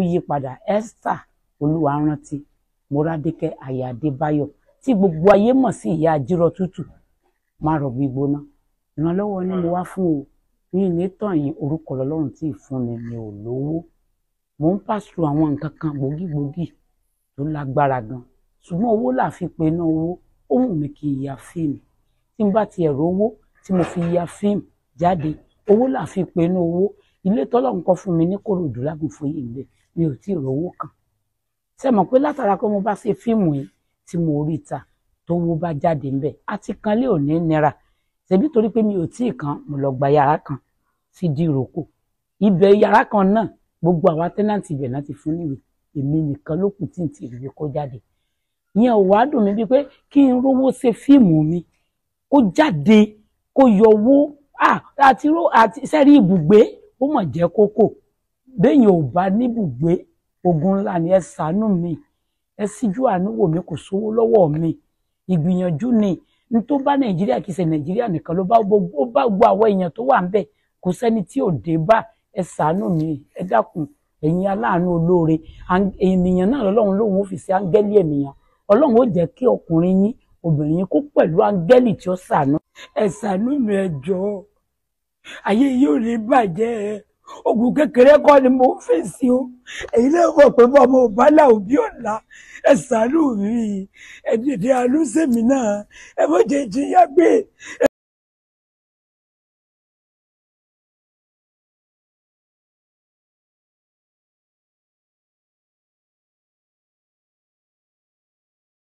ó yí padà Esther Olúwarántí Mọ́rádékẹ́ aya Adébáyọ̀ tí gbogbo ayé mọ̀ sí ìyá àjírọ̀ tútù má rọ̀bì gbóná ìrànlọ́wọ́ ni mo wá fún o mi ì ní tọ̀yìn orúkọ lọ́lọ́run tí ìfúnni mi ò lówó mò ń pàṣẹ àwọn nǹkan kan gbòógìgbòógì tó lágbára gan ṣùgbọ́n owó là fi pe iná owó ó wù mí kí n ya fíìmù tí n bá ti ẹ̀rọ owó tí mo fi ya fíìmù jáde owó là fi pe iná owó ilé tọ́lọ́run kọ́ fún mi ní kòròdú lágùnfòyè ń bẹ̀ mi ò tí ì rówó kan ṣe mọ̀ pé látara pé mo bá ṣe fíìmù yìí tí mo rí ta tó wó bá jáde ńbẹ̀ àti kanlé ò ní nira ṣèbí torí pé mi ò tí ì kan mo lọ gba yàrá kan sí dìrókò ibẹ̀ yàrá kan náà gbogbo àwa tẹ́nàntì ibẹ̀ náà ti fún níwèé èmi nìkan ló kù tí n ti rí kó jáde ìyẹn ò wá dùn mí bíi pé kí n rówó ṣe fíìmù mi kó jáde kó yọwó àti sẹ́rí ibùgbé ó mọ̀ jẹ́ kókó béèyàn ò bá níbùgbé ogun ńlá ni ẹ ṣàánú mi ẹ síjú kò sówó lọ́wọ́ mi ìgbìyànjú ni n tó bá nàìjíríà kìí ṣe nàìjíríà nìkan ló bá gbogbo àwọn èèyàn tó wà ń bẹ kò sẹ́ni tí ò dé bá ẹ mi ẹ dákun ẹ̀yin aláàánú olóore ènìyàn náà fi ṣe áńgẹ́lì ènìyàn ọlọ́run ó jẹ́ kí ọkùnrin yín obìnrin yín kó pẹ̀lú áńgẹ́lì tí ó oògùn kékeré kọ́ ni mo ń si o èyí lè mọ̀ pé bọ́mọ ò bá là ò bí ọ̀la ẹ ṣàánú mi ẹ dìde alúṣèmí náà ẹ mọ̀ jẹ́ jìyà